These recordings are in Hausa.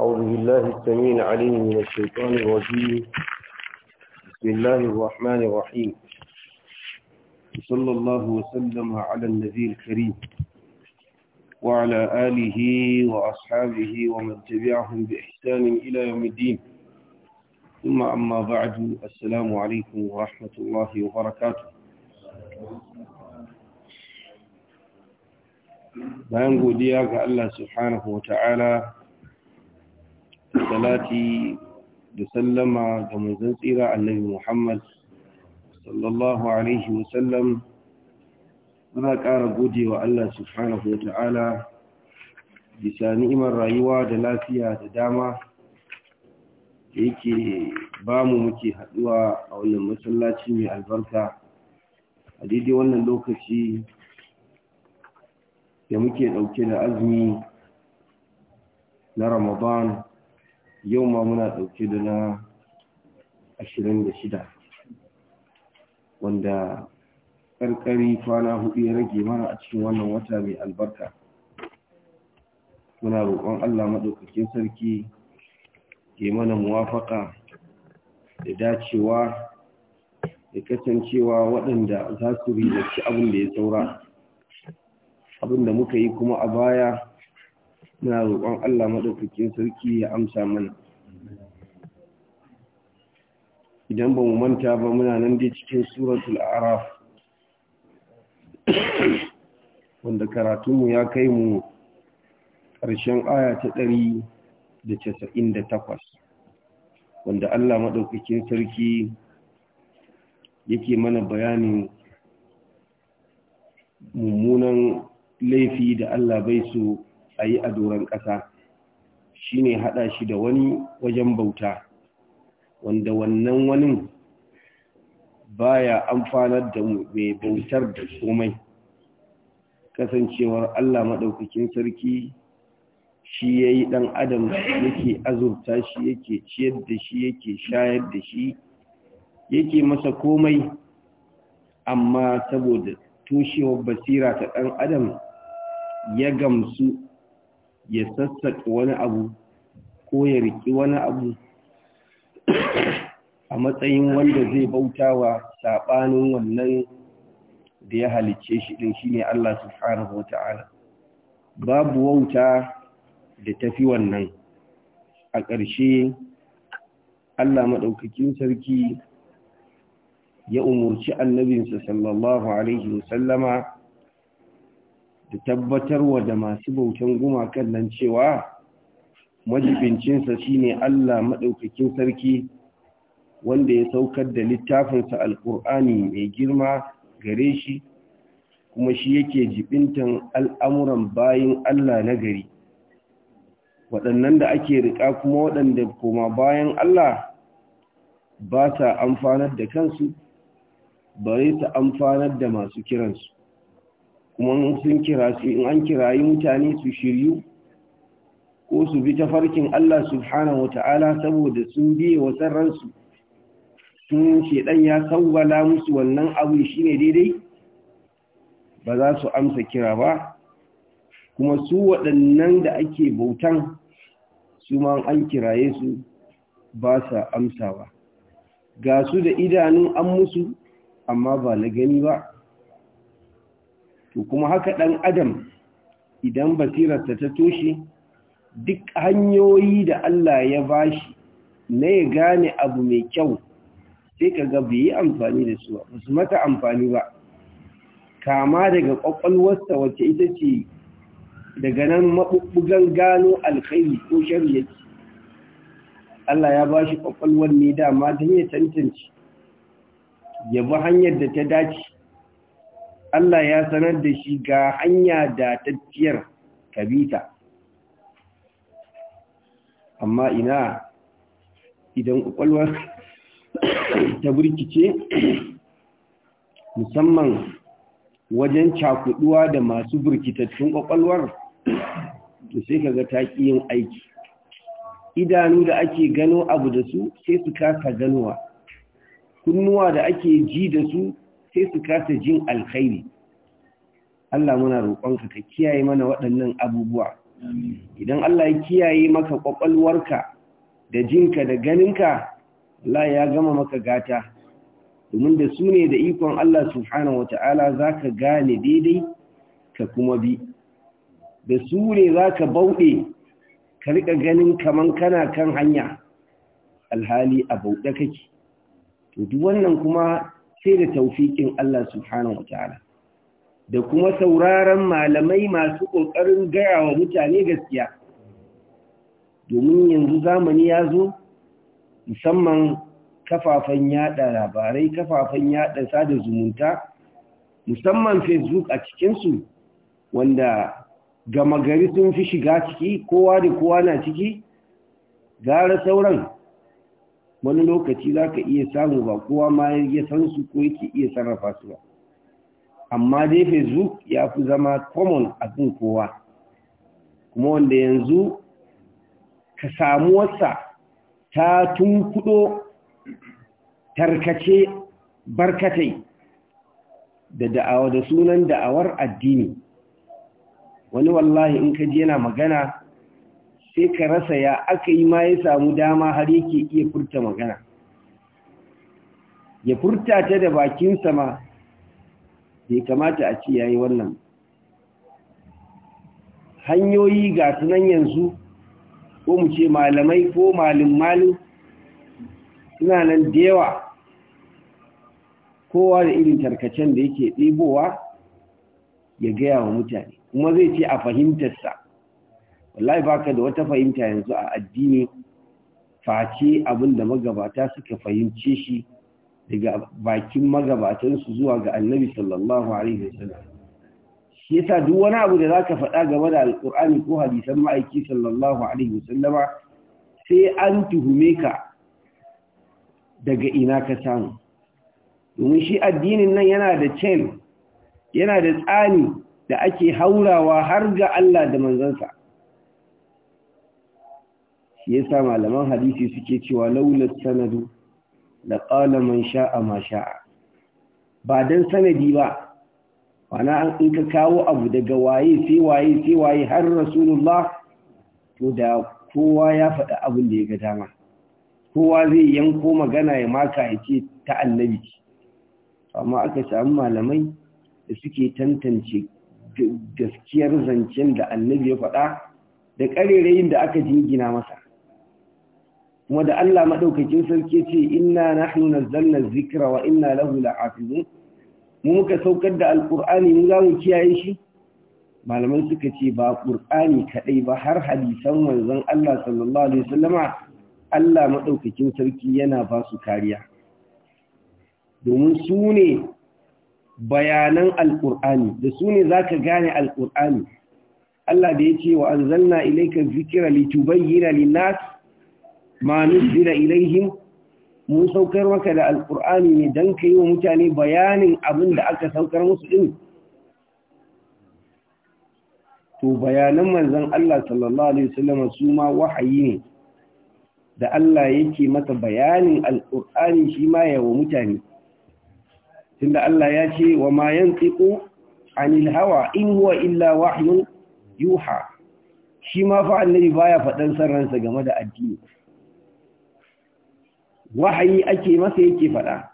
أعوذ بالله السميع العليم من الشيطان الرجيم بسم الله الرحمن الرحيم صلى الله وسلم على النبي الكريم وعلى آله وأصحابه ومن تبعهم بإحسان إلى يوم الدين ثم أما بعد السلام عليكم ورحمة الله وبركاته bayan godiya ga سبحانه وتعالى salati da sallama ga manzon tsira annabi Muhammad sallallahu alaihi wasallam muna ƙara godewa Allah subhanahu wata'ala bisa ni'imar rayuwa da lafiya da dama da yake ba mu muke haɗuwa a wannan masallaci mai albarka a daidai wannan lokaci da muke ɗauke da azumi na Ramadan yau ma muna ɗauke da na ashirin da shida wanda ƙarƙari kwana hudu ya rage mana a cikin wannan wata mai albarka muna roƙon allah maɗaukakin sarki ke mana muwafaka da dacewa da kasancewa waɗanda za su rilarci abin da ya saura abin da muka yi kuma a baya na roƙon Allah maɗaukakin sarki ya amsa mana idan ba mu manta ba muna nan dai cikin suratul araf wanda karatunmu ya kai mu ƙarshen aya ta ɗari da casa'in da takwas wanda Allah maɗaukakin sarki yake mana bayanin mummunan laifi da Allah bai so a yi a doron ƙasa shi ne haɗa shi da wani wajen bauta wanda wannan wani baya amfanar da mai bautar da komai kasancewar Allah maɗaukakin sarki shi ya yi ɗan adam yake azurta shi yake ciyar da shi yake shayar da shi yake masa komai amma saboda tushewar basira ta ɗan adam ya gamsu ya sassaƙi wani abu ko ya riƙi wani abu a matsayin wanda zai bauta wa saɓanin wannan da ya halicce shi ɗin shi ne Allah subhanahu wa ta'ala babu wauta da tafi wannan a ƙarshe Allah maɗaukakin sarki ya umarci annabinsa sallallahu Alaihi wasallama da tabbatar wa da masu bautan gumakan nan cewa majibincinsa shine Allah maɗaukakin sarki wanda ya saukar da littafinsa Alkur'ani mai girma gare shi kuma shi yake jibintan al'amuran bayin Allah na gari waɗannan da ake riƙa kuma waɗanda koma bayan Allah ba sa amfanar da kansu bare ta amfanar da masu kiransu kuma sun kira su in an kirayi mutane su shiryu ko su bi ta farkin Allah subhanahu wata'ala saboda sun biye wa sarransu sun shaidan ya sauwala musu wannan abu shine daidai ba za su amsa kira ba kuma su waɗannan da ake bautan su ma an kiraye su ba sa ba, ga su da idanun an musu amma ba na gani ba to kuma haka ɗan adam idan basirarsa ta toshe duk hanyoyi da Allah ya bashi na ya gane abu mai kyau sai ka ga bai amfani da su ba su mata amfani ba kama daga ƙwaƙwalwarsa wacce ita ce daga nan maɓuɓɓugan gano alkhairi ko shari'a Allah ya bashi kwakwalwar ne dama don ya tantance ya hanyar da ta dace Allah ya sanar da shi ga hanya da tafiyar kabita amma ina idan ƙwaƙwalwar ta burkice musamman wajen cakuduwa da masu burkitattun kwakwalwar to sai kaga ta yin aiki idanu da ake gano abu da su sai su kasa ganowa kunnuwa da ake ji da su sai su kasa jin alkhairi Allah muna roƙonka ka kiyaye mana waɗannan abubuwa idan Allah ya kiyaye maka ƙwaƙwalwarka da jinka da ganinka Allah ya gama maka gata domin da su ne da ikon Allah subhanahu wata'ala za ka gane daidai ka kuma bi da su ne za ka bauɗe ka riƙa ganin kaman kana kan hanya alhali a bauɗe kake to duk wannan kuma sai da taufiƙin Allah subhanahu wa ta'ala da kuma sauraron malamai masu ƙoƙarin gaya wa mutane gaskiya domin yanzu zamani ya zo musamman kafafen yada labarai kafafen yada sada zumunta musamman facebook a cikinsu wanda gama gari sun fi shiga ciki kowa da kowa na ciki gara sauran wani lokaci za ka iya samu ba kowa ma ya san su ko yake iya sarrafa su ba amma dai facebook ya fi zama common a kan kowa kuma wanda yanzu ka samu wasa ta kudo tarkace barkatai da da'awa da sunan da'awar addini wani wallahi in ka ji yana magana sai ka rasa ya aka yi ma ya samu dama har yake iya furta magana ya furta ta da bakinsa ma bai kamata a ci ya wannan hanyoyi ga sunan yanzu ko mu ce malamai ko malin malin suna nan da yawa kowa da irin tarkacen da yake ɗebowa ya gaya wa mutane kuma zai ce a fahimtarsa wallahi baka da wata fahimta yanzu a addini face abin da magabata suka fahimce shi daga bakin magabatansu zuwa ga annabi sallallahu alaihi wasallam shi yasa duk wani abu da zaka faɗa game da alkur'ani ko hadisan ma'aiki sallallahu alaihi wasallama sai an tuhume ka daga ina ka samu domin shi addinin nan yana da chain yana da tsani da ake haurawa har ga Allah da manzansa shi yasa malaman hadisi suke cewa laulat sanadu da qala man sha'a ma sha'a ba dan sanadi ba wana in ka kawo abu daga waye sai waye sai waye har rasulullah to da kowa ya faɗi abin da ya ga dama kowa zai yanko magana ya maka ya ce ta annabi amma aka samu malamai da suke tantance gaskiyar zancen da annabi ya faɗa da ƙarerayin da aka jingina masa kuma da Allah maɗaukakin sarki ce na nahnu nazzalna dhikra wa inna lahu la'afizun mu muka saukar da Alƙur'ani mu zamu kiyaye shi malaman suka ce ba ƙur'ani kadai ba har hadisan wanzan Allah sallallahu alaihi wasallama Allah maɗaukakin sarki yana ba su kariya domin su ne bayanan Alƙur'ani, da su ne zaka gane Alƙur'ani. Allah da ya ce wa anzalna ilayka zikira litubayyana lin-nas ma nuzila ilaihim mun saukar maka da alkur'ani ne don ka yi wa mutane bayanin abin da aka saukar musu ɗin to bayanan manzan Allah sallallahu Alaihi wasallama su ma wahayi ne da Allah yake mata bayanin alkur'ani shi ma wa mutane tunda Allah ya ce wa ma tsiƙo anil hawa in huwa illa wahyun yuha shi ma fa baya faɗan sarransa game da addini wahayi ake masa yake faɗa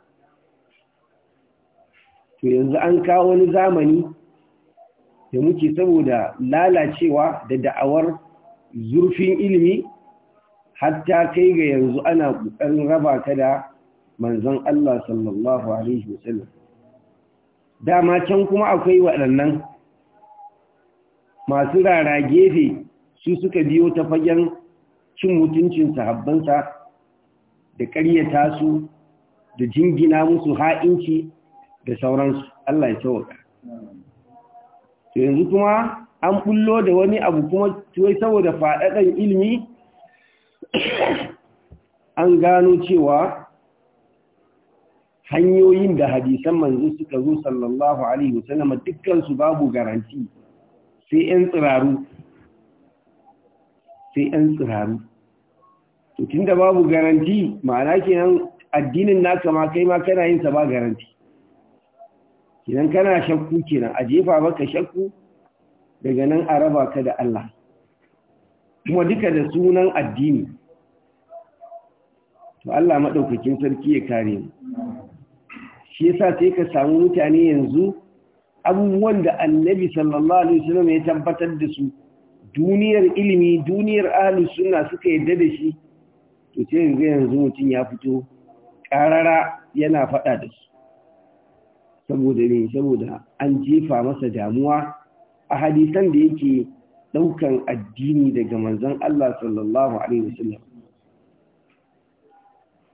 to yanzu an kawo wani zamani da muke saboda lalacewa da da'awar zurfin ilimi hatta kai ga yanzu ana ƙoƙarin raba ta da manzon Allah sallallahu alaihi wasallam dama can kuma akwai waɗannan masu rara gefe su suka biyo ta fagen cin mutuncin sahabbansa da ƙaryata su da jingina musu ha'inci da sauransu Allah ya sauka to yanzu kuma an bullo da wani abu kuma tuwai saboda faɗaɗan ilmi an gano cewa hanyoyin da hadisan manzo suka zo sallallahu alaihi wasallama dukkansu babu garanti sai 'yan sai 'yan tsiraru to tunda babu garanti ma'ana kenan addinin naka ma kai ma kana yin sa ba garanti idan kana shakku kenan a jefa baka shakku daga nan a raba ka da Allah kuma duka da sunan addini to Allah madaukakin sarki ya kare mu shi yasa sai ka samu mutane yanzu abubuwan da annabi sallallahu alaihi wasallam ya tabbatar da su duniyar ilimi duniyar ahlus sunna suka yadda da shi to yanzu yanzu mutum ya fito ƙarara yana faɗa da su saboda ne saboda an jefa masa damuwa a hadisan da yake ɗaukan addini daga manzon Allah sallallahu alaihi wasallam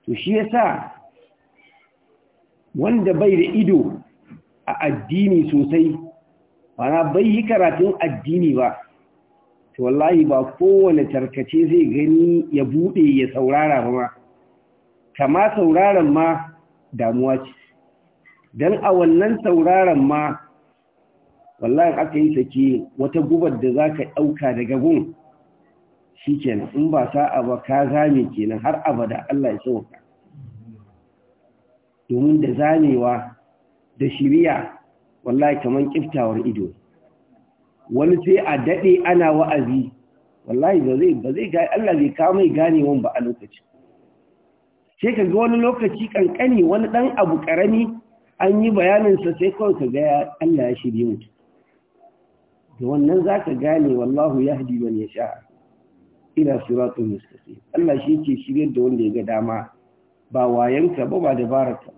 to shi yasa wanda bai da ido a addini sosai ba bai yi karatun addini ba to wallahi ba kowane tarkace zai gani ya bude ya saurara ba ma kama sauraron ma damuwa ce don a wannan sauraron ma wallahi aka yi sake wata gubar da za ka ɗauka daga gun shi kenan in ba sa'a ba ka zame kenan har abada Allah ya sauka domin da zamewa da shiriya wallahi kamar kiftawar ido wani sai a daɗe ana wa'azi wallahi ba zai ba zai gani Allah zai kawo mai ganewan ba a lokaci sai ka ga wani lokaci kankani wani ɗan abu ƙarami an yi bayaninsa sai kawai ka ga Allah ya shirye mutum da wannan za ka gane wallahu ya hadi man ya sha ila siratul mustaqim Allah shi ke shirye da wanda ya ga dama ba wayanka ba ba dabararka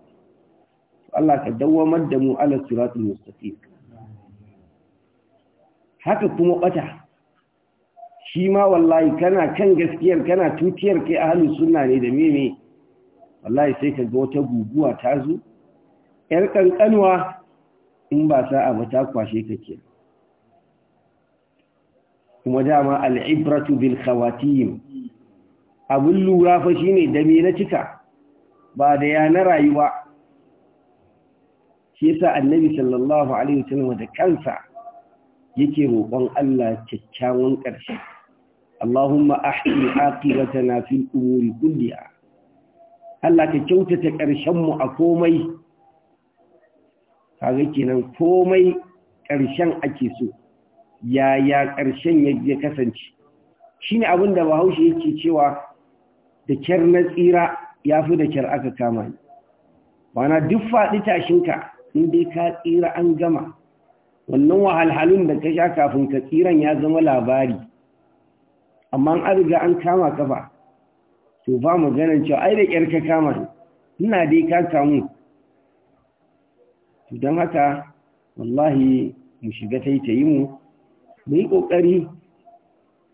Allah ka dawwamar da mu ala siratul mustaqim haka kuma bata shi ma wallahi kana kan gaskiyar kana tutiyar kai ahalin sunna ne da meme wallahi sai ka ga wata guguwa ta zo yar kankanwa in ba sa'a ba ta kwashe ka ke kuma dama al'ibratu bil khawatim abin lura fa shine da me na cika ba da ya na rayuwa shi yasa annabi sallallahu alaihi wasallam da kansa yake roƙon Allah kyakkyawan ƙarshe Allahumma ahdi aqibatana fil umuri kulliha Allah ka kyautata ƙarshen mu a komai Ka ga kenan komai ƙarshen ake so yaya ƙarshen ya kasance shine abin da Bahaushe yake cewa da kyar na tsira yafi da kyar aka kama ni wana duk faɗi tashinka in dai ka tsira an gama wannan wahalhalun da ka sha kafin ka tsiran ya zama labari amma an riga an kama kafa to ba mu ganin cewa ai da ƙyar ka kama ina dai ka kamu don haka wallahi mu shiga taitayi mu mu yi ƙoƙari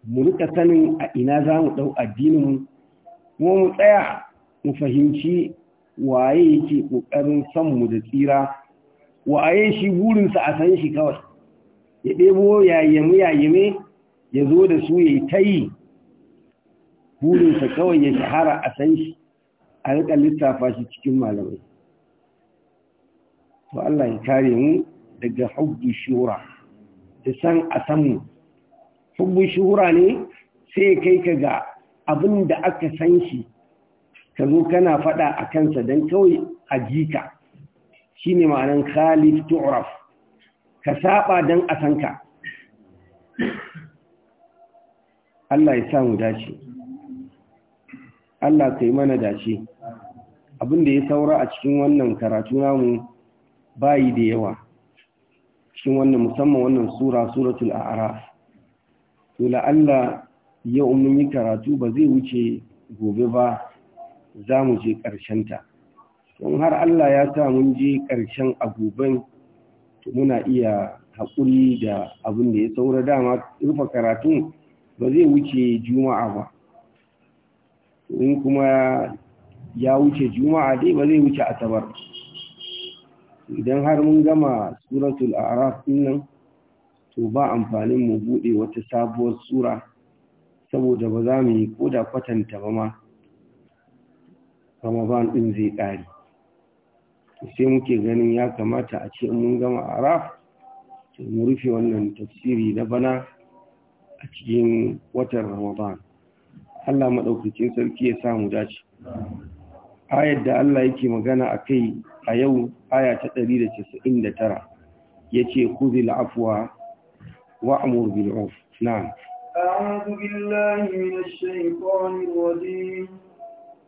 mu rika sanin a ina za mu ɗau addininmu kuma mu tsaya mu fahimci waye yake ƙoƙarin sanmu da tsira waye shi burinsa a san shi kawai ya ɗebo yayyame ya zo da su ya yi ta yi burinsa kawai ya shahara a san shi a riƙa littafa shi cikin malamai to Allah ya kare mu daga hubbi shura da san a san mu. hubbi shura ne sai kai ka ga abin da aka san shi ka zo kana faɗa a kansa don kawai a jika shi ne ma'anin khalif tu'raf ka saba dan a san ka Allah ya samu dace Allah ka yi mana dace abin ya saura a cikin wannan karatu namu bayi da yawa cikin wannan musamman wannan sura suratul a'raf to la'alla yau mun yi karatu ba zai wuce gobe ba za mu je ƙarshenta don har Allah ya sa mun je ƙarshen to muna iya haƙuri da abin da ya saura dama rufe karatun ba zai wuce juma'a ba in kuma ya wuce juma'a dai ba zai wuce asabar idan har mun gama suratul araf nan to ba amfanin mu buɗe wata sabuwar sura saboda ba za mu yi ko da kwatanta ba ma ramadan ɗin zai ƙare sai muke ganin ya kamata a ce mun gama araf mu rufe wannan tafsiri na bana a cikin watan ramadan Allah maɗaukacin sarki ya samu dace ayar da Allah yake magana a kai a yau aya ta 199 da khudhil afwa wa'mur bil 'urf na'am a'udhu billahi minash shaitanir rajim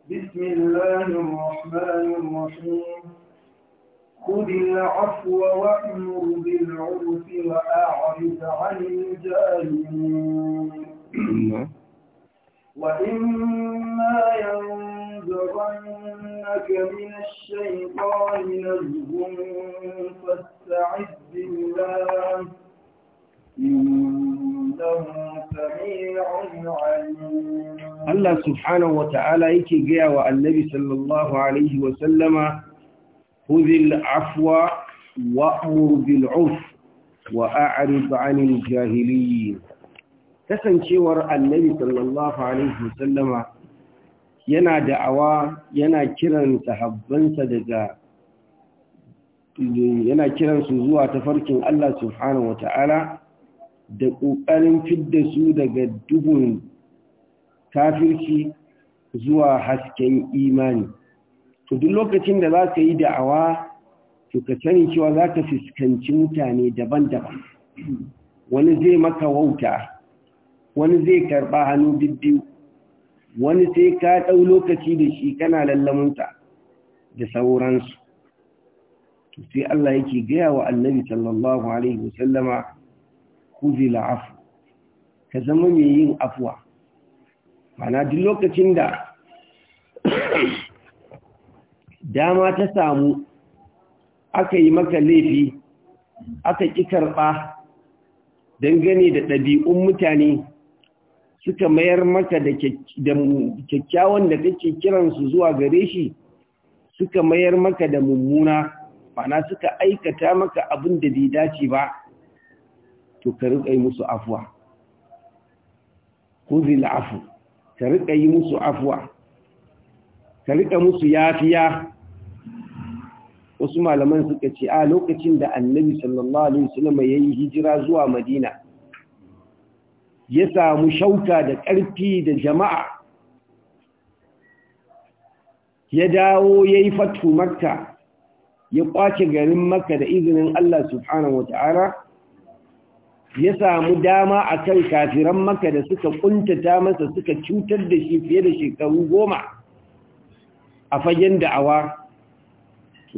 بسم الله الرحمن الرحيم خذ العفو وامر بالعرف واعرض عن الجاهلين نعم. واما ينزغنك من الشيطان نزغ فاستعذ بالله انه سميع عليم الله سبحانه وتعالى يكي جاء والنبي صلى الله عليه وسلم khudhil afwa wa'mur bil 'urf wa a'rid 'anil jahiliyin kasancewar annabi sallallahu alaihi wasallama yana da'awa yana kiran yana kiran su zuwa tafarkin Allah subhanahu wata'ala da ƙoƙarin fidda su daga dubun kafirci zuwa hasken imani to duk lokacin da za ka yi da'awa to ka sani cewa za ka fuskanci mutane daban-daban wani zai maka wauta wani zai karɓa hannu biyu-biyu, wani sai ka ɗau lokaci da shi kana lallamunta da sauransu sai Allah yake gaya wa annabi sallallahu alaihi wasallama kuzila afu ka zama mai yin afuwa mana duk lokacin da dama ta samu aka yi maka laifi aka ƙi karɓa dangane da ɗabi'un mutane suka mayar maka da kyakkyawan da kake kiransu zuwa gare shi suka mayar maka da mummuna bana suka aikata maka abin da bai dace ba to ka riƙa yi musu afuwa ko ka riƙa yi musu afuwa ka riƙa musu yafiya wasu malaman suka ce a lokacin da annabi sallallahu alaihi wasallam ya yi hijira zuwa madina ya samu shauka da ƙarfi da jama'a ya dawo ya yi fatu makka ya kwace garin makka da izinin Allah subhanahu wata'ala ya samu dama a kan kafiran makka da suka kuntata masa suka cutar da shi fiye da shekaru goma a fagen da'awa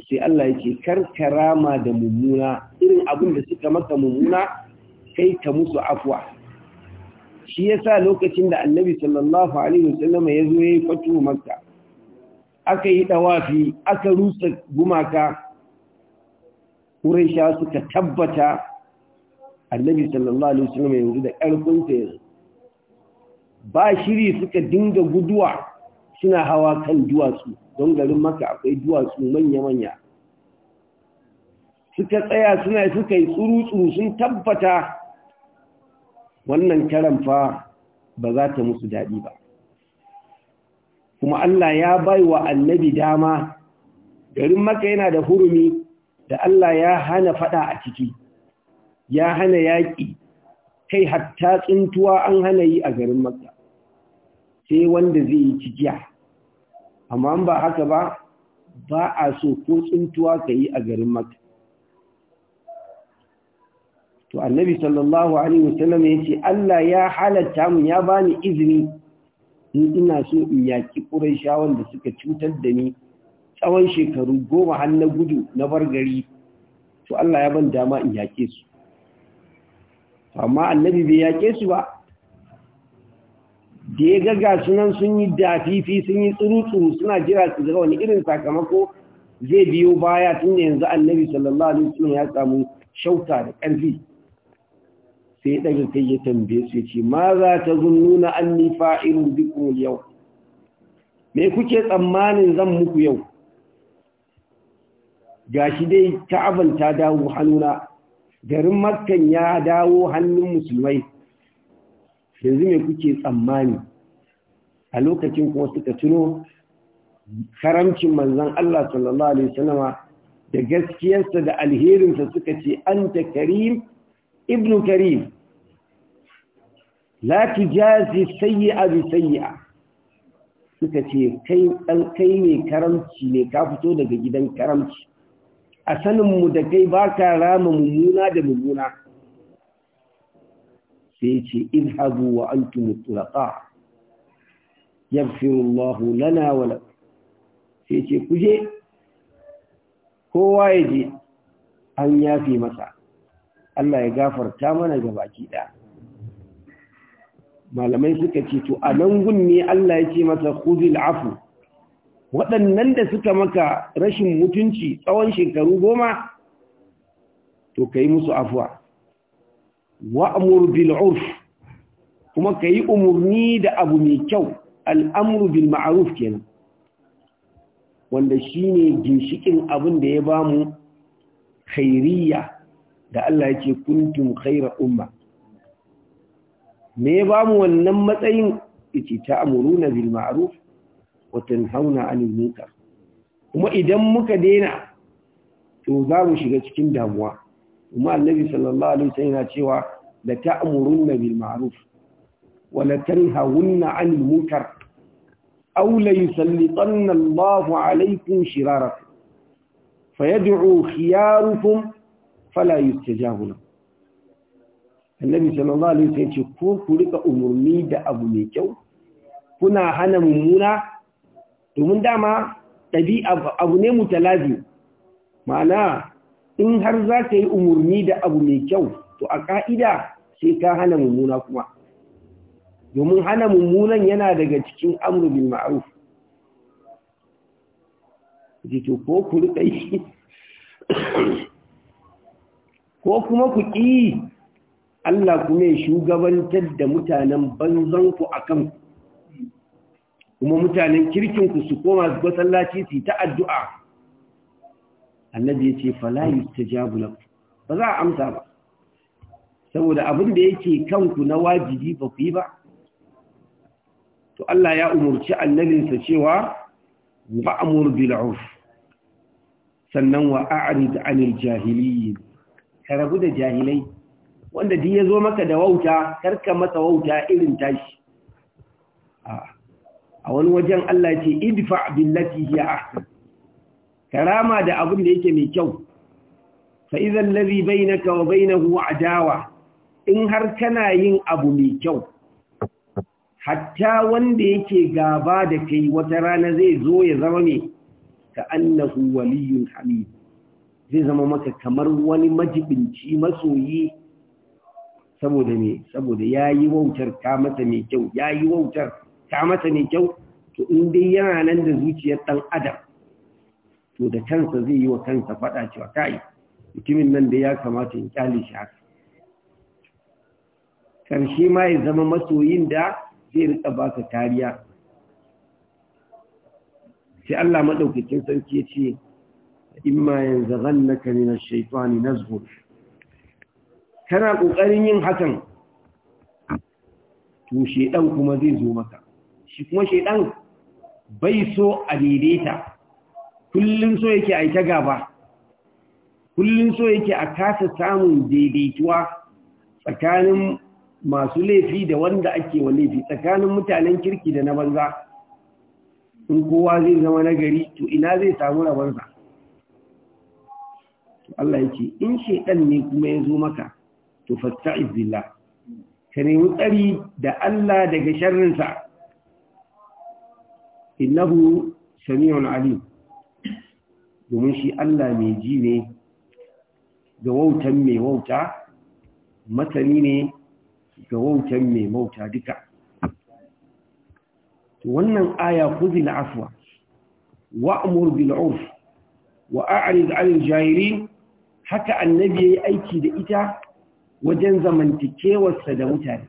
sai Allah yake karkarama da mummuna irin abin da suka maka mummuna kai ka musu afwa shi yasa lokacin da Annabi sallallahu alaihi wasallam ya zo yayi fatu Makka aka yi dawafi aka rusa gumaka kuraisha suka tabbata Annabi sallallahu alaihi wasallam yanzu da karfin sa ba shiri suka dinga guduwa suna hawa kan duwatsu don garin maka akwai duwatsu manya-manya suka tsaya suna suka yi tsuru sun tabbata wannan karan fa ba za ta musu daɗi ba kuma Allah ya bai wa annabi dama garin maka yana da hurumi da Allah ya hana fada a ciki ya hana yaƙi kai hatta tsintuwa an hana yi a garin maka sai wanda zai yi cikiya amma ba haka ba ba a so ko tsuntuwa ka yi a garin maka to annabi sallallahu alaihi wasallam ya ce Allah ya halatta mu ya bani izini in ina so in yaki Qurayshawan da suka cutar da ni tsawon shekaru goma har na gudu na bar gari to Allah ya ban dama in yake su amma annabi bai yake su ba da ya gaga sunan sun yi dafifi sun yi tsuru suna jira su zaga wani irin sakamako zai biyo baya tun da yanzu annabi sallallahu alaihi wasallam ya samu shauta da ƙarfi sai ya ɗaga kai ya tambaye su ya ce ma za ta zunnuna an ni fa'irun bikin yau me kuke tsammanin zan muku yau gashi dai ta ta dawo hannuna garin makkan ya dawo hannun musulmai yanzu me kuke tsammani a lokacin kuma suka tuno karamcin manzon Allah sallallahu alaihi wasallama da gaskiyarsa da alherinsa suka ce anta karim ibnu karim la tujazi sayyi'a bi sayyi'a suka ce kai dan kai ne karamci ne ka fito daga gidan karamci a sanin mu da kai baka rama mummuna da mummuna sai ce in hagu wa an tumutulaka yabfirullahu lana wala sai ce kuje kowa ya je an yafi masa Allah ya gafarta mana ga baki ɗaya malamai suka ce to a nan gun Allah ya ce masa khuzil afu waɗannan da suka maka rashin mutunci tsawon shekaru goma to ka yi musu afuwa wa'mur bil'urf kuma kuma yi umurni da abu mai kyau al'amru bil kenan wanda shi ne ginshikin abin da ya ba mu khairiyya da Allah yake kuntum khaira umma me ya bamu wannan matsayin yace ta'muruna bil ma'ruf wa hauna 'anil kuma idan muka daina to za mu shiga cikin damuwa kuma annabi sallallahu alaihi wasallam yana cewa da ta'murunna bil ma'ruf wa la tanhawunna 'anil munkar aw la yusallitanna Allahu 'alaykum shirarakum fayad'u khiyarukum fala yustajabu lahum annabi sallallahu alaihi wasallam ce ko ku rika umurni da abu mai kyau kuna hana mumuna? domin dama ɗabi'a abu ne mutalazi ma'ana in har za ta yi umarni da abu mai kyau to a ka'ida sai ka hana mummuna kuma domin hana mummunan yana daga cikin amru bil ma'ruf jito ko ku rika yi ko kuma ku ƙi Allah kuma ya shugabantar da mutanen banzanku a akan kuma mutanen kirkin ku su koma su masallaci su ta addu'a annabi ya ce fala ta jabula ba za a amsa ba saboda abin da yake kanku na wajibi ba ku yi ba to Allah ya umurci annabinsa cewa wa'amur bil urf sannan wa a'rid anil jahiliyin ka da jahilai wanda duk yazo maka da wauta karka masa wauta irin tashi a wani wajen Allah ya ce idfa billati hiya ahsan karama da abin da yake mai kyau fa idhan ladhi bainaka wa bainahu adawa in har kana yin abu mai kyau hatta wanda yake gaba da kai wata rana zai zo ya zama mai ka annahu waliyun hamid zai zama maka kamar wani majibinci masoyi saboda ne saboda yayi wautar ta mata mai kyau yayi wautar ta mata mai kyau to in dai yana nan da zuciyar dan adam to da kansa zai yi wa kansa fada cewa kai mutumin nan da ya kamata in kyale shi haka karshe ma ya zama masoyin da zai rika ba ka kariya sai Allah madaukakin sarki ya ce imma yanzu yanzaghannaka minash shaitani nazghur kana kokarin yin hakan to shedan kuma zai zo maka shi kuma shedan bai so a daidaita Kullum so yake ita gaba kullun so yake a kasa samun daidaituwa tsakanin masu laifi da wanda ake wa laifi tsakanin mutanen kirki da na banza in kowa zai zama nagari to ina zai samu To Allah ya ce in shaidan ne kuma ya zo maka to fasta'iz billah ka nemi tsari da Allah daga sharrinsa innahu sami'un alim domin shi Allah mai ji ne ga wautan mai wauta masani ne ga wautar mai mauta duka wannan aya na afwa Wa bil urf wa a'rid 'anil jahilin haka annabi yayi aiki da ita wajen zamantakewarsa da mutane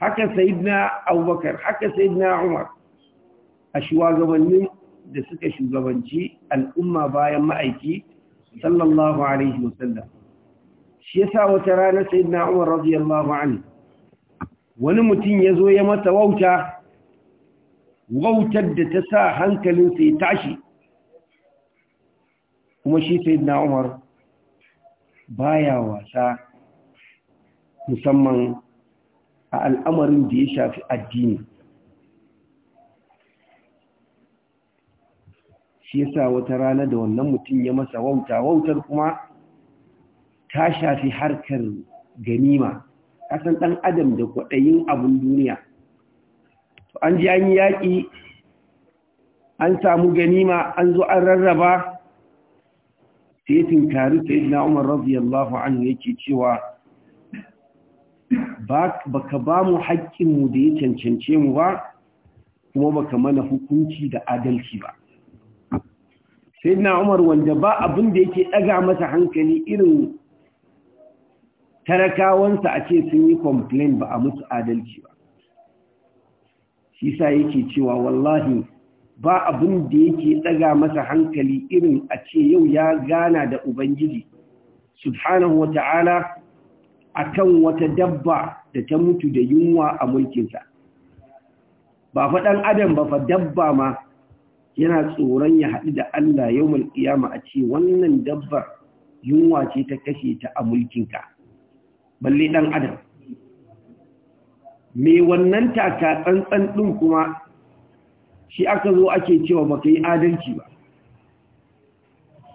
haka sayyidina abubakar haka sayyidina umar a shugabannin da suka shugabanci al'umma bayan ma'aiki sallallahu alaihi wasallam shi yasa wata rana sayyidina Umar radiyallahu anhu wani mutum ya zo ya masa wauta wautar da ta sa hankalin sai tashi kuma shi sayyidina Umar baya wasa musamman a al'amarin da ya shafi addini shi yasa wata rana da wannan mutum ya masa wauta wautar kuma ta shafi harkar ganima kasan ɗan adam da kwaɗayin abun duniya an ji an yi yaƙi an samu ganima an zo an rarraba sai tinkari sai na umar radiyallahu anhu yake cewa baka ba mu haƙƙinmu da ya cancance mu ba kuma baka mana hukunci da adalci ba sai na umar wanda ba abin da yake ɗaga masa hankali irin talakawansa a ce sun yi complain ba a musu adalci ba shi sa yake cewa wallahi ba abin da yake daga masa hankali irin a ce yau ya gana da ubangiji subhanahu wa ta'ala akan wata dabba da ta mutu da yunwa a mulkinsa ba faɗan adam ba fa dabba ma yana tsoron ya haɗu da Allah yau mulkiyama a ce wannan dabbar yunwa ce ta kashe ta a mulkinka balle ɗan adam Me wannan taka tsantsan ɗin kuma shi aka zo ake cewa baka yi adalci ba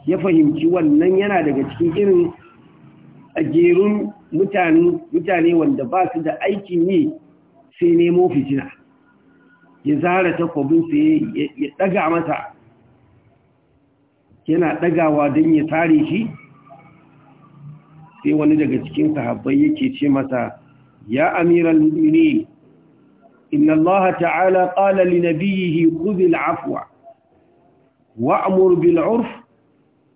ya fahimci wannan yana daga cikin irin ajerun mutane wanda ba su da aikin yi sai nemo fitina ya zara sai ya ɗaga mata yana ɗagawa don ya tare shi sai wani daga cikin sahabbai yake ce masa ya amiral mu'mini inna Allah ta'ala qala li nabiyhi khudh al-afwa wa'mur bil 'urf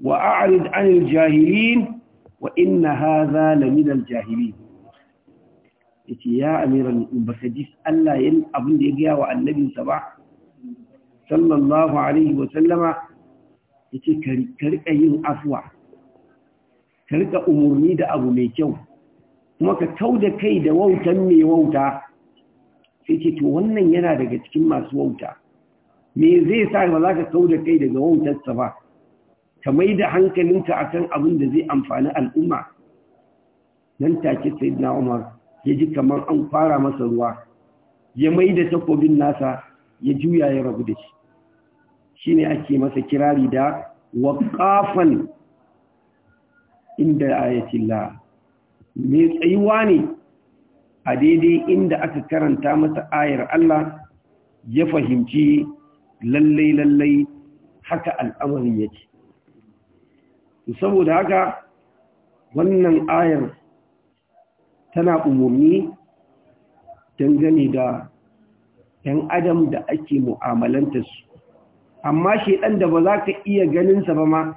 wa 'anil jahilin wa inna hadha la al-jahilin yace ya amiral mu'mini Allah yin abin da ya ga wa annabinsa ba sallallahu alaihi wa sallama yace ka yin afwa ka riƙa umarni da abu mai kyau kuma ka kau da kai da wautan mai wauta sai ce to wannan yana daga cikin masu wauta me zai sa ba za ka kau da kai daga wautarsa ba ka mai da hankalinka kan abin da zai amfani al'umma nan take sai na umar ya ji kamar an fara masa ruwa ya mai da takobin nasa ya juya ya rabu da shi shi ne ake masa kirari da waƙafan inda ayatillah mai tsayuwa ne a daidai inda aka karanta masa ayar Allah ya fahimci lallai lallai haka al'amarin yake saboda haka wannan ayar tana umarni dangane da ‘yan adam da ake mu'amalantarsu amma shi ɗan da ba za ka iya ganinsa ba ma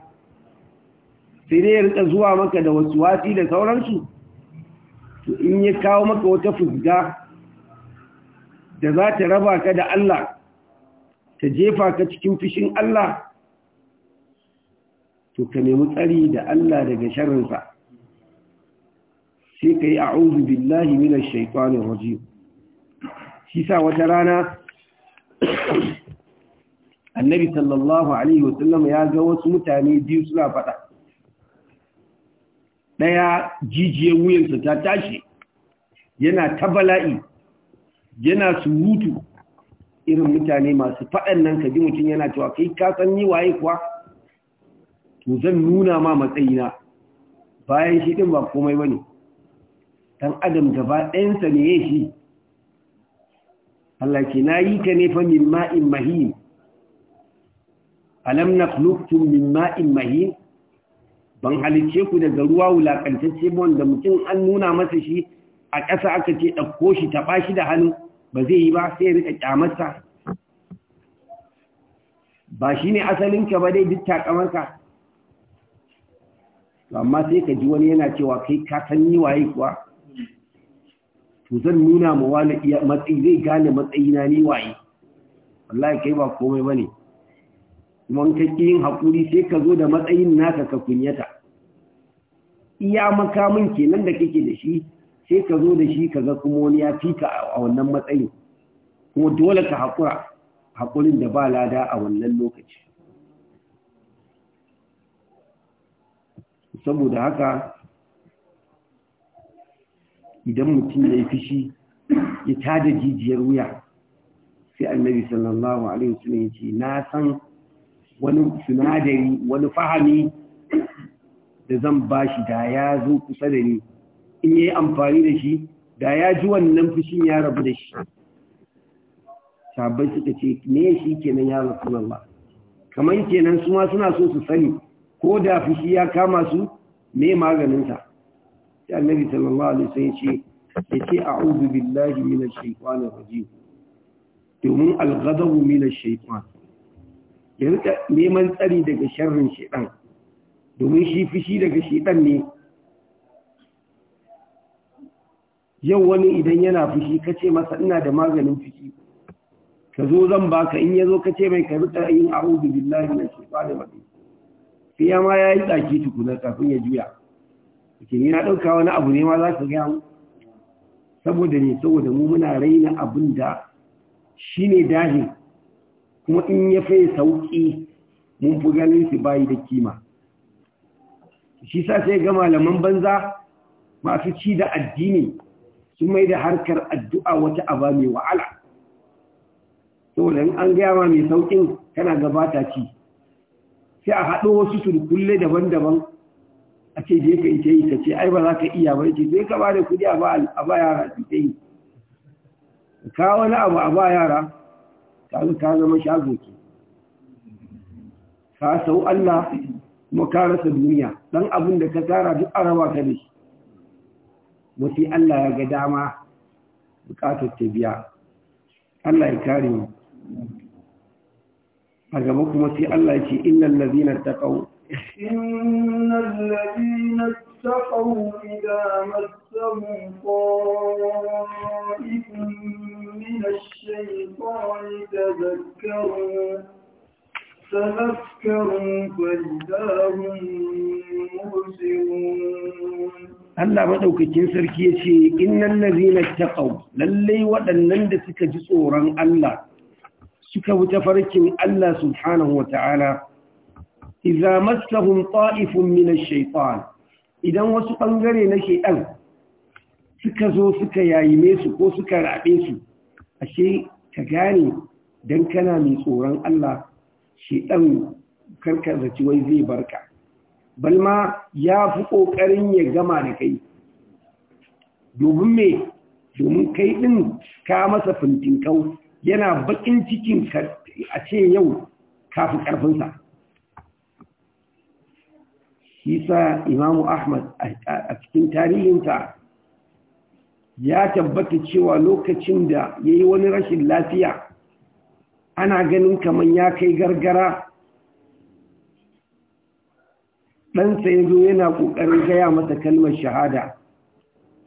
sai dai ya rika zuwa maka da wasu wasi da sauransu to in ya kawo maka wata fusga da za ta raba ka da Allah ta jefa ka cikin fishin Allah to ka nemi tsari da Allah daga sharrinsa sai ka yi a'udhu billahi minash shaitanir rajim shi sa wata rana annabi sallallahu alaihi wasallam ya ga wasu mutane biyu suna faɗa ɗaya jijiye wuyansa ta tashi yana ta bala'i yana surutu irin mutane masu faɗan nan ka ji mutum yana cewa kai ka san ni waye kuwa to zan nuna ma matsayina bayan shi ɗin ba komai bane ɗan adam gaba ɗayansa ne ya shi Allah ke na yi ka nefa min ma'in mahim alam na min ma'in mahim ban halicce ku daga ruwa wulakantacce ba wanda mutum an nuna masa shi a ƙasa aka ce ɗauko shi ta shi da hannu ba zai yi ba sai rika ƙyamarsa ba shi ne asalinka ba dai duk takamarka amma sai ka ji wani yana cewa kai ka san ni waye kuwa to zan nuna ma wani matsayi zai gane matsayi na ni waye wallahi kai ba komai bane kuma yin hakuri sai ka zo da matsayin naka ka kunyata iya makamin kenan da kake da shi sai ka zo da shi ka ga kuma wani ya fi a wannan matsayin kuma dole ka haƙura haƙurin da ba lada a wannan lokaci saboda haka idan mutum ya yi fishi ya tada jijiyar wuya sai annabi sallallahu alaihi wasallam ya ce na san wani sinadari wani fahami da zan ba shi da ya zo kusa da ni in yi amfani da shi da ya ji wannan fushin ya rabu da shi sabai suka ce me shi kenan ya rasulullah kamar kenan su ma suna so su sani ko da fushi ya kama su me maganinsa sai annabi sallallahu alaihi wasallam ce ce a'udhu billahi minash shaitani rajim domin al-ghadabu minash shaitani ya rika neman tsari daga sharrin shedan domin shi fushi daga shedan ne yau wani idan yana fushi ka ce masa ina da maganin fushi ka zo zan baka in ya zo kace mai ka rika yin a'udu billahi na shaifa da mafi sai ya ma ya yi tsaki tukuna kafin ya juya ke yana ɗauka wani abu ne ma za ka gaya mu saboda ne saboda mu muna raina abin da shi ne dahin kuma in ya fai sauƙi mun fi ganin su bayi da kima shi sa sai ga malaman banza masu ci da addini sun mai da harkar addu'a wata aba mai wa'ala saboda an gaya mai sauƙin kana gabata ci sai a haɗo wasu turkulle daban-daban a ce je ka ita yi ta ce ai ba za ka iya bai ce sai ka ba da kudi a ba yara ta yi kawo wani abu a ba yara kaga ka zama shago ke ka sau Allah kuma ka rasa duniya dan abin da ka tara duk arawa ka da shi wasu Allah ya ga dama bukatar ta biya Allah ya kare mu a gaba kuma sai Allah ya ce innal ladina taqaw innal ladina taqaw idza massahum qa'idun من الشيطان تذكروا تذكروا فإذا Allah maɗaukakin sarki ya ce, Innan na zina ƙau lallai waɗannan da suka ji tsoron Allah, suka wuta farkin Allah subhanahu wa ta'ala, iza matsahun ta'ifun minan shaifan, idan wasu ɓangare na shaiɗan suka zo suka yayime su ko suka raɓe su, ashe ka gane don kana mai tsoron Allah shi ɗan karkarzaci wai zai barka balma ya fi ƙoƙarin ya gama da kai domin me domin kai ɗin ka masa fintinkau yana baƙin cikin a ce yau kafin ƙarfinsa shi sa imamu ahmad a cikin tarihinta ya tabbata cewa lokacin da ya yi wani rashin lafiya ana ganin kamar ya kai gargara ɗansa ya zo yana ƙoƙarin gaya masa kalmar shahada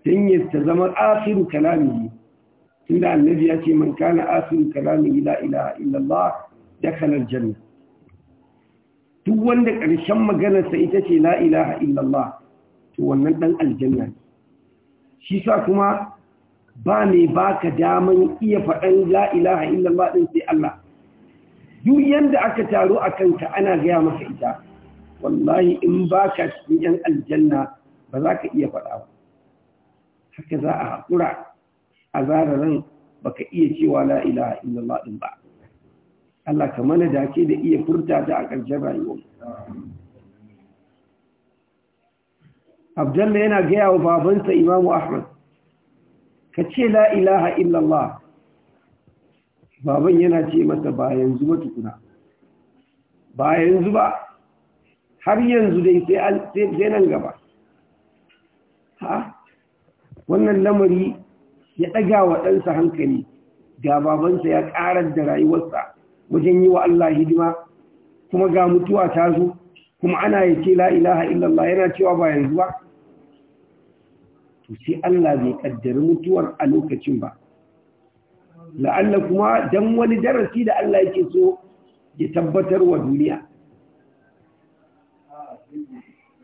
don yi ta zama asiru kalamihi inda annabi ya ce man kana asiru kalamiyi la illallah da kanar jami duk wanda ƙarshen maganarsa ita ce la ilaha illallah to wannan ɗan aljanna ne shi sa kuma ba mai baka daman iya faɗan la'ilaha illan ɗin sai Allah duk yadda aka taru a kanta ana gaya maka ita wallahi in ba ka cikin ‘yan aljanna ba za ka iya faɗa haka za a haƙura a zararen ba ka iya cewa la'ilaha illan ɗin ba Allah ka mana dace da iya furta ta a ƙarshen rayuwa Abdullahi yana gaya wa babansa imamu ahmad ka ce la ilaha illallah baban yana ce masa ba yanzu ba tukuna ba yanzu ba har yanzu dai sai nan gaba ha wannan lamari ya ɗaga wa ɗansa hankali ga babansa ya ƙarar da rayuwarsa wajen yi wa Allah hidima kuma ga mutuwa ta zo kuma ana ya ce la ilaha illallah yana cewa ba yanzu ba to sai Allah bai kaddari mutuwar a lokacin ba la'alla kuma dan wani darasi da Allah yake so ya tabbatar wa duniya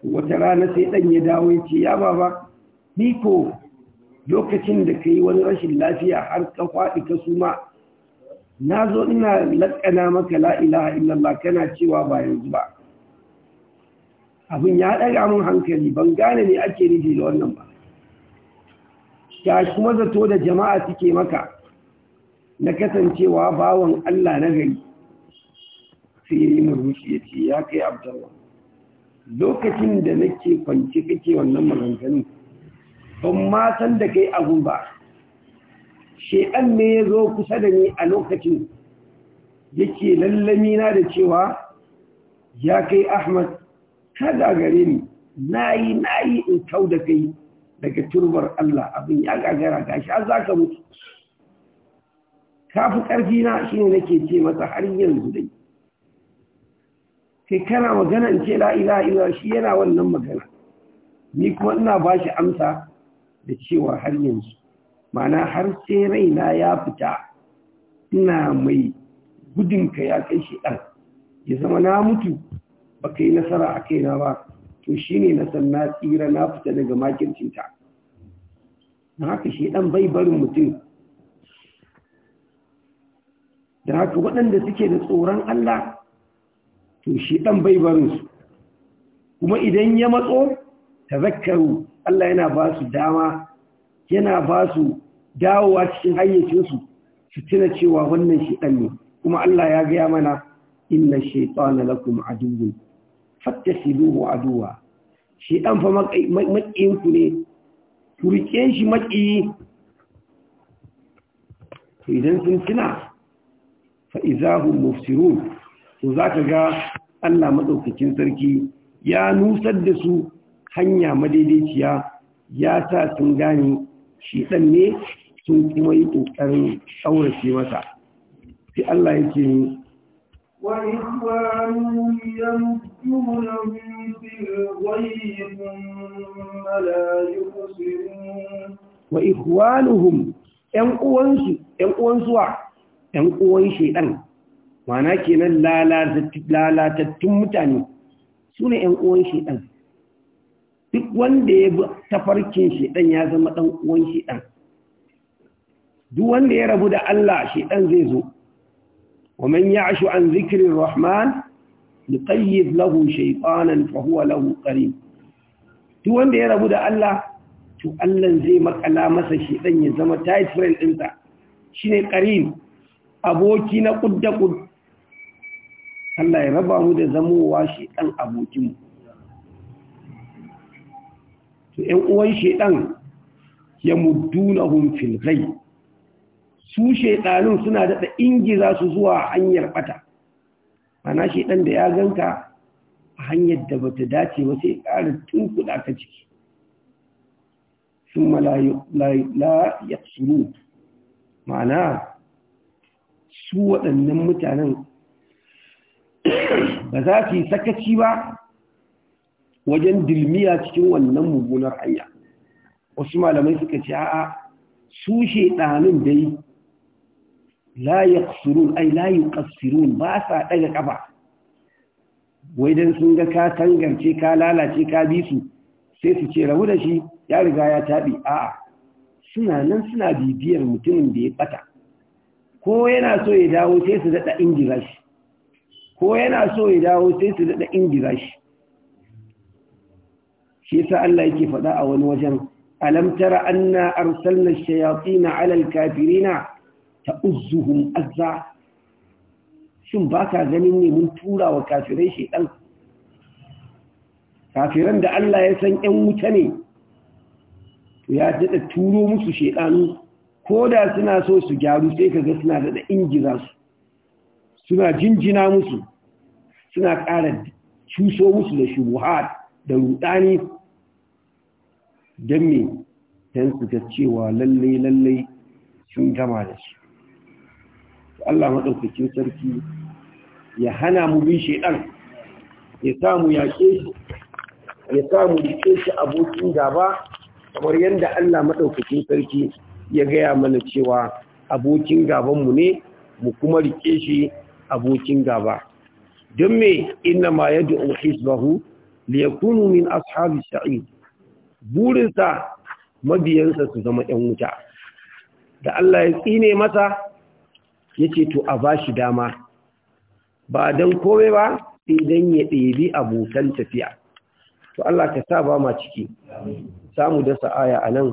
wata rana sai ɗan ya dawo ya ce ya baba ni ko lokacin da kai wani rashin lafiya har ka faɗi ka suma na zo ina laƙana maka la'ilaha illallah kana cewa ba yanzu ba abin ya ɗaga mun hankali ban gane ne ake nufi da wannan ba ta kuma zato da jama'a suke maka na kasancewa bawan Allah na gari sai yi murmushi ya ce ya kai abdallah lokacin da nake kwance kake wannan maganganu ban ma san da kai abu ba shekan ne ya zo kusa da ni a lokacin yake lallami na da cewa ya kai ahmad kada gare ni na yi na yi in kau da kai daga turbar Allah abin ya gagara gashi an za ka mutu Kafin ƙarfi na shi ne nake ce masa har yanzu dai kai kana magana in ce la'ila ila shi yana wannan magana ni kuma ina ba shi amsa da cewa har yanzu mana har sai raina ya fita ina mai gudunka ya kai shi ɗan ya zama na mutu ba kai nasara a kaina ba to shine na san na tsira na fita daga makircinta don haka shi ɗan bai barin mutum da haka waɗanda suke da tsoron Allah to shi ɗan bai barinsu kuma idan ya matso ta zakaru Allah yana ba su dama yana ba su dawowa cikin hayyacinsu su tuna cewa wannan shi dan ne kuma Allah ya gaya mana inna shaitana lakum aduwwun fattasiluhu aduwwa shi ɗan fa maƙiyinku ne ku shi maki idan sun tuna fa izahum mufsirun to ka ga Allah madaukakin sarki ya nusar da su hanya madaidaiciya ya sa sun gane shi dan ne sun kuma yi kokarin aurace masa sai Allah yake وإخوانهم يمدونهم في الغي ثم لا يبصرون وإخوانهم ‘yan uwansu, ‘yan uwansuwa, ‘yan uwan shaiɗan, mana kenan lalatattun mutane, su ne ‘yan uwan shaiɗan. Duk wanda ya bi tafarkin shaiɗan ya zama ɗan uwan shaiɗan. Duk wanda ya rabu da Allah shaiɗan zai zo, ومن يعش عن ذكر الرحمن نقيض له شيطانا فهو له قريب duk wanda ya rabu da Allah to Allah zai maƙala masa shiɗan ya zama tight friend ɗinsa shine qarin aboki na kudda kud Allah ya raba mu da zamowa shedan abokinmu to 'yan uwan shedan ya muddunahum fil ghayb su shaidanun suna daɗa ingiza su zuwa hanyar bata mana shaidan da ya ganka a hanyar da bata dace ba sai ƙara tun kuɗa ka ciki sun la ya suru ma'ana su waɗannan mutanen ba za su yi sakaci ba wajen dilmiya cikin wannan mugunar hanya wasu malamai suka ce a'a su shaidanin dai la yaqsurun ay la ba sa daga kafa wai dan sun ga ka tangance ka lalace ka bi su sai su ce rabu da shi ya riga ya tabi a'a suna nan suna bibiyar mutumin da ya bata ko yana so ya dawo sai su dada ingiza shi ko yana so ya dawo sai su dada ingiza shi shi sa Allah yake faɗa a wani wajen alam tara anna arsalna shayatin 'ala alkafirina ta ta'uzzuhum azza shin baka ganin ne mun tura wa kafirai shedan kafiran da Allah ya san 'yan wuta ne to ya daɗa turo musu shedanu ko da suna so su gyaru sai ka ga suna daɗa ingiza su suna jinjina musu suna ƙara cuso musu da shubuha da rudani don me don su ga cewa lallai lallai sun gama da su Allah maɗaukacin sarki ya hana mu bin shaidan ya samu yaƙe shi ya samu shi abokin gaba kamar yadda Allah maɗaukacin sarki ya gaya mana cewa abokin gabanmu ne mu kuma rike shi abokin gaba don me ina ma yadda hisbahu li kunu min ashabi sa'id burinsa mabiyansa su zama 'yan wuta da Allah ya tsine masa ya to a ba shi dama ba dan kome ba idan ya ɗebi abokan tafiya to Allah ka sa ba ma ciki samu da sa'aya a nan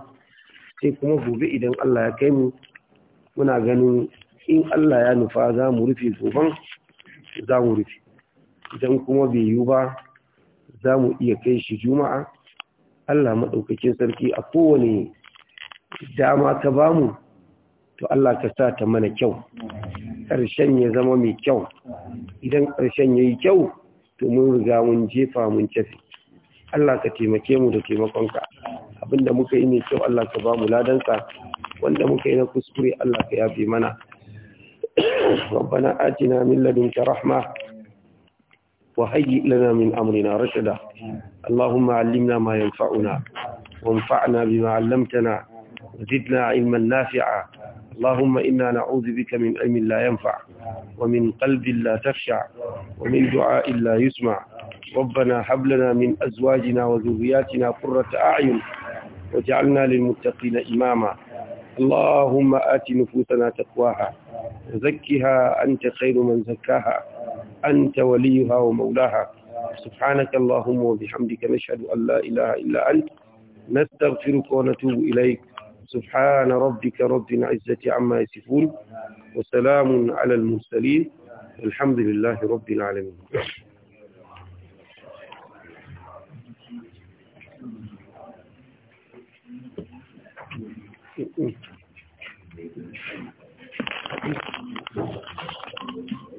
sai kuma gobe idan Allah ya kai mu muna ganin in Allah ya nufa za mu rufe goban za mu rufe idan kuma bai yiwu ba za mu iya kai shi juma'a Allah maɗaukakin sarki a kowane dama ka mu. to Allah ka sa ta mana kyau ƙarshen ya zama mai kyau idan ƙarshen ya yi kyau to mun riga mun jefa mun tafi Allah ka taimake mu da taimakonka abinda muka yi mai kyau Allah ka ba mu ladansa wanda muka yi na kuskure Allah ka yafe mana rabbana atina min ladunka rahma wa hayyi lana min amrina rashada allahumma allimna ma yanfa'una wanfa'na bima 'allamtana وزدنا علما نافعا اللهم إنا نعوذ بك من علم لا ينفع ومن قلب لا تخشع ومن دعاء لا يسمع ربنا هب لنا من أزواجنا وذرياتنا قرة أعين وجعلنا للمتقين إماما اللهم آت نفوسنا تقواها وزكها أنت خير من زكاها أنت وليها ومولاها سبحانك اللهم وبحمدك نشهد أن لا إله إلا أنت نستغفرك ونتوب إليك سبحان ربك رب العزة عما يصفون وسلام على المرسلين الحمد لله رب العالمين Thank you.